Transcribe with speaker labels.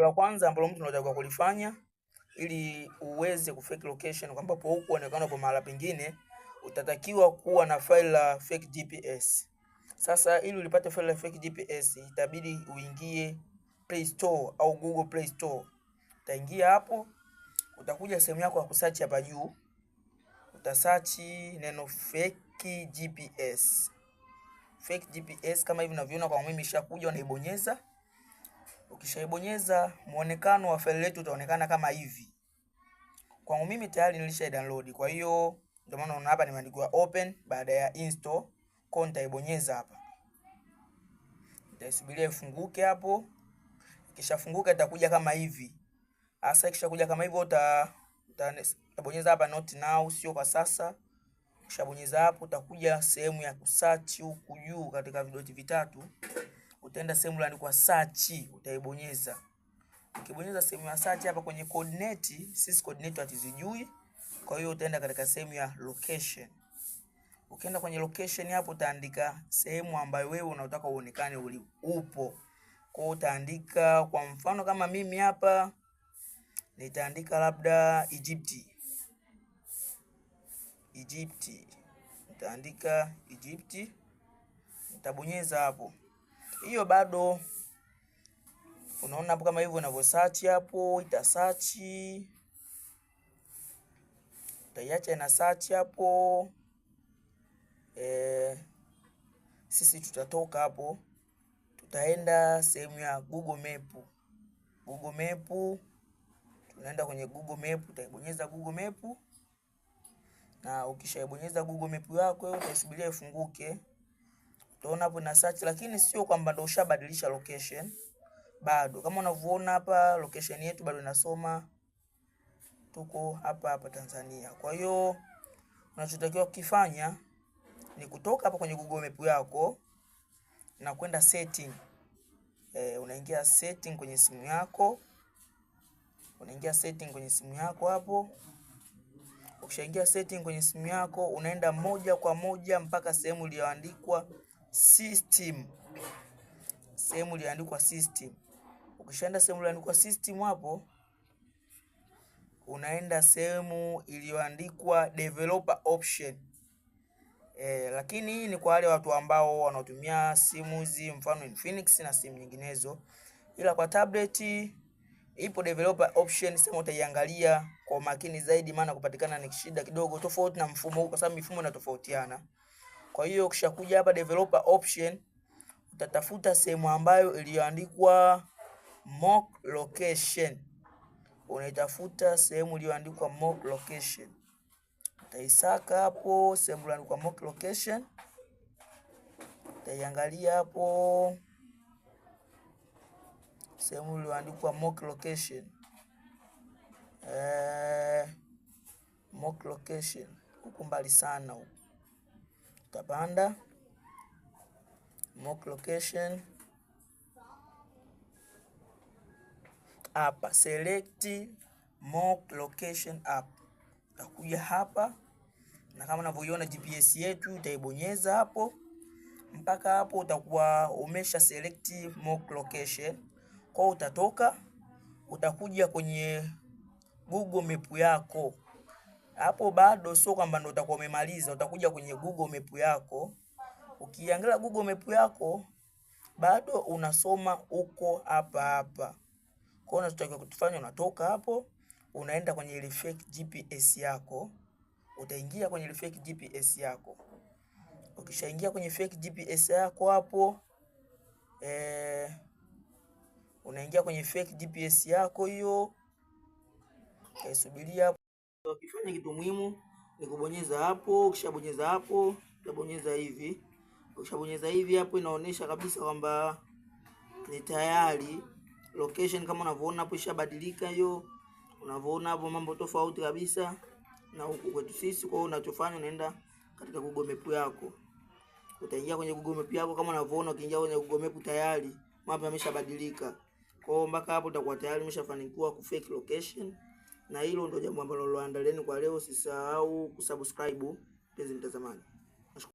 Speaker 1: la kwanza ambalo mtu unatakiwa kulifanya ili uweze kufake location kwamba po huku onekana kwa mahala pengine, utatakiwa kuwa na faili la fake GPS. Sasa ili ulipate faili la fake GPS itabidi uingie Play Store au Google Play Store. Utaingia hapo, utakuja sehemu yako ya kusearch hapa juu, utasearch neno fake GPS. Fake GPS kama hivi unavyoona, kwa mimi ishakuja, unaibonyeza Ukishaibonyeza muonekano wa faili letu utaonekana kama hivi. Kwangu mimi tayari nilisha download, kwa hiyo ndio maana unaona hapa nimeandikwa open baada ya install. Kwa nitaibonyeza hapa, nitaisubiria ifunguke hapo. Ikishafunguka itakuja kama hivi. Sasa ikishakuja kama hivyo uta utabonyeza hapa not now, sio kwa sasa. Ukishabonyeza hapo utakuja sehemu ya kusearch huku juu katika vidoti vitatu utaenda sehemu iliyoandikwa search, utaibonyeza. Ukibonyeza sehemu ya search hapa kwenye coordinate, sisi coordinate hatuzijui, kwa hiyo utaenda katika sehemu ya location. Ukienda kwenye location hapo utaandika sehemu ambayo wewe unataka uonekane uli upo. Kwa hiyo utaandika kwa mfano kama mimi hapa nitaandika labda Egypt. Egypt. Nitaandika Egypt. Nitabonyeza hapo hiyo bado unaona hapo kama hivyo unavyo search hapo, ita search utaiacha ina search hapo e, sisi tutatoka hapo, tutaenda sehemu ya Google Map. Google Map tunaenda kwenye Google Map, utaibonyeza Google Map na ukishaibonyeza Google Map yako utasubiria ifunguke. Utaona hapo ina search, lakini sio kwamba ndio ushabadilisha location. Bado kama unavyoona hapa location yetu bado inasoma tuko hapa hapa Tanzania. Kwa hiyo unachotakiwa kufanya ni kutoka hapa kwenye Google Map yako na kwenda setting. E, unaingia setting kwenye simu yako, unaingia setting kwenye simu yako hapo. Ukishaingia setting kwenye simu yako, unaenda moja kwa moja mpaka sehemu iliyoandikwa system, sehemu iliyoandikwa system. Ukishaenda sehemu iliyoandikwa system hapo unaenda sehemu iliyoandikwa developer option. E, lakini hii ni kwa wale watu ambao wanaotumia simu hizi mfano Infinix na simu nyinginezo, ila kwa tablet ipo developer option, sema utaiangalia kwa makini zaidi, maana kupatikana ni shida kidogo, tofauti na mfumo huu, kwa sababu mifumo inatofautiana. Kwa hiyo ukishakuja hapa developer option, utatafuta sehemu ambayo iliyoandikwa mock location. Unaitafuta sehemu iliyoandikwa mock location, utaisaka hapo sehemu iliyoandikwa mock location, utaiangalia hapo sehemu iliyoandikwa mock location. Eh, mock location huku mbali sana huku Kabanda, mock location hapa, select mock location app. Utakuja hapa na kama unavyoiona GPS yetu utaibonyeza hapo mpaka hapo utakuwa umesha select mock location. Kwa utatoka utakuja kwenye Google Map yako hapo bado sio kwamba ndio utakuwa umemaliza. Utakuja kwenye Google Map yako, ukiangalia Google Map yako bado unasoma uko hapa hapa. Kwa hiyo unachotakiwa kutufanya, unatoka hapo unaenda kwenye ile fake GPS yako, utaingia kwenye ile fake GPS yako. Ukishaingia kwenye fake GPS yako hapo eh, unaingia kwenye fake GPS yako hiyo, kaisubiria hapo. Ukifanya kitu muhimu ni kubonyeza hapo. Ukishabonyeza hapo utabonyeza hivi. Ukishabonyeza hivi hapo, inaonyesha kabisa kwamba ni tayari location, kama unavyoona hapo ishabadilika hiyo. Unavyoona hapo mambo tofauti kabisa na huku kwetu sisi. Kwa hiyo unachofanya unaenda katika Google Map yako, utaingia kwenye Google Map yako. Kama unavyoona ukiingia kwenye Google Map tayari mambo yameshabadilika. Kwa hiyo mpaka hapo utakuwa tayari umeshafanikiwa kufake location na hilo ndio jambo ambalo loandaleni kwa leo. Usisahau kusubscribe mpenzi mtazamaji.